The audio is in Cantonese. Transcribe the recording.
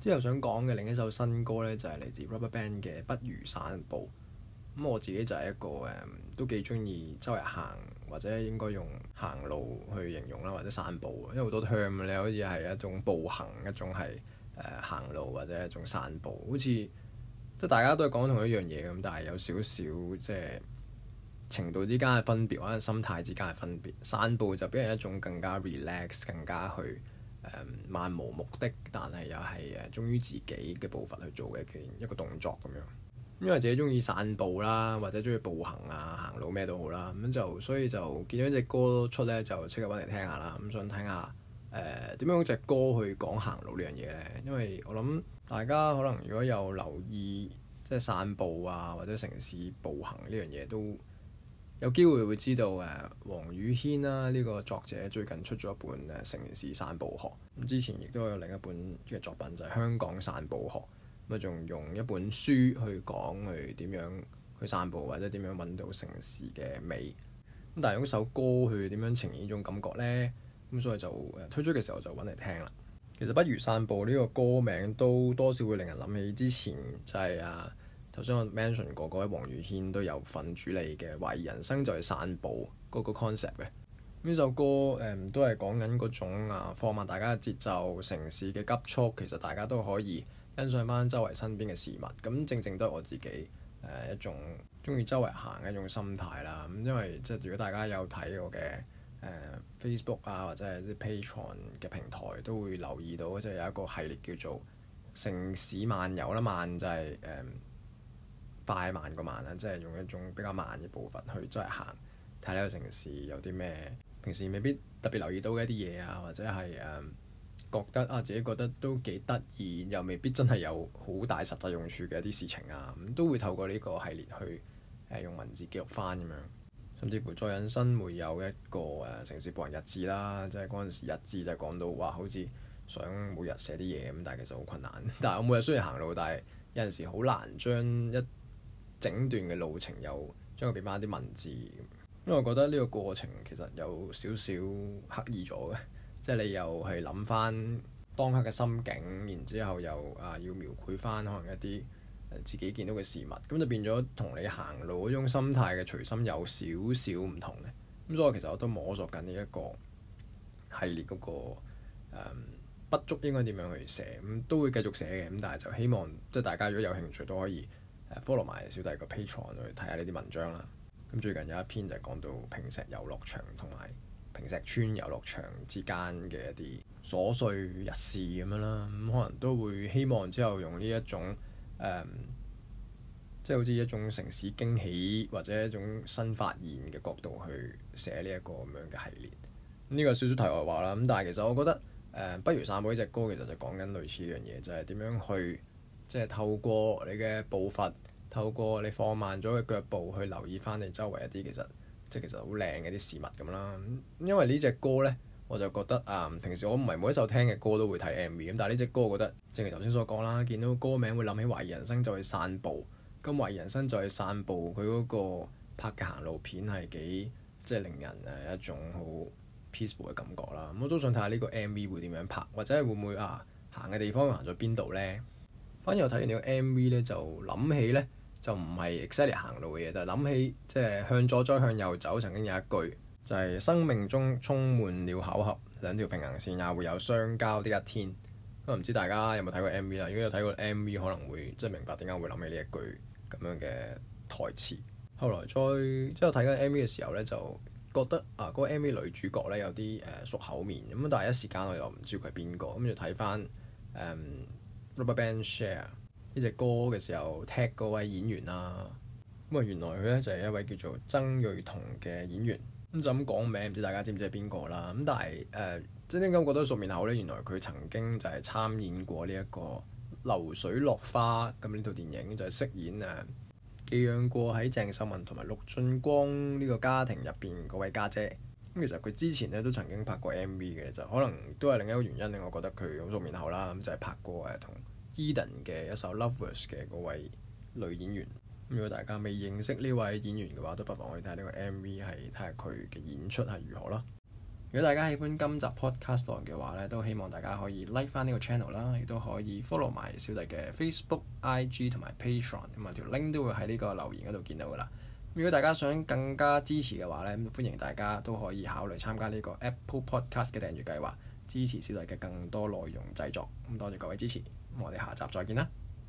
之後想講嘅另一首新歌呢，就係、是、嚟自 RubberBand 嘅《不如散步》。咁、嗯、我自己就係一個誒、嗯，都幾鍾意周圍行或者應該用行路去形容啦，或者散步。因為多 ms, 好多 term 你好似係一種步行，一種係誒、呃、行路或者一種散步，好似即大家都係講同一樣嘢咁，但係有少少即程度之間嘅分別或者心態之間嘅分別。散步就俾人一種更加 relax，更加去。誒，漫無目的，但係又係誒，忠於自己嘅步伐去做嘅一件一個動作咁樣，因為自己中意散步啦，或者中意步行啊，行路咩都好啦，咁就所以就見到隻歌出咧，就即刻搵嚟聽下啦。咁想聽下誒，呃，點樣用隻歌去講行路呢樣嘢咧？因為我諗大家可能如果有留意即係散步啊，或者城市步行呢樣嘢都。有機會會知道誒黃宇軒啦、啊、呢、這個作者最近出咗一本誒、啊《城市散步學》，咁之前亦都有另一本嘅作品就係、是《香港散步學》，咁啊仲用一本書去講去點樣去散步或者點樣揾到城市嘅美，咁但係用首歌去點樣呈現呢種感覺呢？咁所以就、啊、推出嘅時候就揾嚟聽啦。其實《不如散步》呢、這個歌名都多少會令人諗起之前就係啊～頭先我 mention 過嗰位黃宇軒都有份主理嘅《懷疑人生》，就係散步嗰個 concept 嘅呢首歌誒、嗯，都係講緊嗰種啊放慢大家嘅節奏，城市嘅急速，其實大家都可以欣賞翻周圍身邊嘅事物。咁正正都係我自己誒、呃、一種中意周圍行嘅一種心態啦。咁、嗯、因為即係如果大家有睇我嘅誒、呃、Facebook 啊，或者係啲 Patreon 嘅平台，都會留意到即係有一個系列叫做《城市漫遊》啦，漫就係、是、誒。嗯快慢個慢啦，即係用一種比較慢嘅步伐去周圍行，睇下個城市有啲咩，平時未必特別留意到嘅一啲嘢啊，或者係誒、嗯、覺得啊自己覺得都幾得意，又未必真係有好大實際用處嘅一啲事情啊，咁都會透過呢個系列去誒、啊、用文字記錄翻咁樣，甚至乎再引申會有一個誒、啊、城市步行日誌啦，即係嗰陣時日誌就講到話好似想每日寫啲嘢咁，但係其實好困難。但係我每日雖然行路，但係有陣時好難將一整段嘅路程又將佢變翻啲文字，因為我覺得呢個過程其實有少少刻意咗嘅，即係你又係諗翻當刻嘅心境，然之後又啊要描繪翻可能一啲自己見到嘅事物，咁就變咗同你行路嗰種心態嘅隨心有少少唔同嘅。咁所以其實我都摸索緊呢一個系列嗰個不足應該點樣去寫，咁都會繼續寫嘅，咁但係就希望即係大家如果有興趣都可以。follow 埋小弟個 page 去睇下呢啲文章啦。咁最近有一篇就講到坪石遊樂場同埋坪石邨遊樂場之間嘅一啲瑣碎日事咁樣啦。咁可能都會希望之後用呢一種即係、嗯就是、好似一種城市驚喜或者一種新發現嘅角度去寫呢一個咁樣嘅系列。呢、嗯呢個少少題外話啦。咁但係其實我覺得、嗯、不如散步呢隻歌其實就講緊類似一樣嘢，就係、是、點樣去。即係透過你嘅步伐，透過你放慢咗嘅腳步去留意翻你周圍一啲，其實即係其實好靚嘅啲事物咁啦。因為呢隻歌呢，我就覺得啊、嗯，平時我唔係每一首聽嘅歌都會睇 M V 咁，但係呢隻歌我覺得正如頭先所講啦，見到歌名會諗起《懷疑人生》就去散步，咁《懷疑人生》就去散步，佢嗰個拍嘅行路片係幾即係令人誒一種好 peaceful 嘅感覺啦、嗯。我都想睇下呢個 M V 會點樣拍，或者會唔會啊行嘅地方行咗邊度呢？反而我睇完呢個 MV 咧，就諗起咧就唔係 exciting 行路嘅嘢，但係諗起即係、就是、向左再向右走，曾經有一句就係、是、生命中充滿了巧合，兩條平行線也、啊、會有相交的一天。咁啊，唔知大家有冇睇過 MV 啦？如果有睇過 MV，可能會即係、就是、明白點解會諗起呢一句咁樣嘅台詞。後來再即係睇緊 MV 嘅時候咧，就覺得啊，嗰、那個 MV 女主角咧有啲誒、呃、熟口面咁，但係一時間我又唔知佢係邊個，咁就睇翻誒。嗯 RubberBand Share 呢隻歌嘅時候踢嗰位演員啦、啊，咁啊原來佢咧就係一位叫做曾瑞彤嘅演員咁、嗯、就咁講名，唔知大家知唔知係邊個啦？咁但係誒，即係啲咁覺得熟面口咧，原來佢曾經就係參演過呢、這、一個流水落花咁呢套電影，就係飾演啊寄養過喺鄭秀文同埋陸俊光呢個家庭入邊嗰位家姐，姐。其實佢之前咧都曾經拍過 MV 嘅，就可能都係另一個原因令我覺得佢好熟面口啦，咁就係、是、拍過誒同 Edan 嘅一首《Lovers》嘅嗰位女演員。如果大家未認識呢位演員嘅話，都不妨去睇下呢個 MV，係睇下佢嘅演出係如何咯。如果大家喜歡今集 Podcast 嘅話咧，都希望大家可以 like 翻呢個 channel 啦，亦都可以 follow 埋小弟嘅 Facebook、IG 同埋 Patreon，咁啊條 link 都會喺呢個留言嗰度見到噶啦。如果大家想更加支持嘅話咧，咁歡迎大家都可以考慮參加呢個 Apple Podcast 嘅訂閱計劃，支持小黎嘅更多內容製作。咁多謝各位支持，我哋下集再見啦。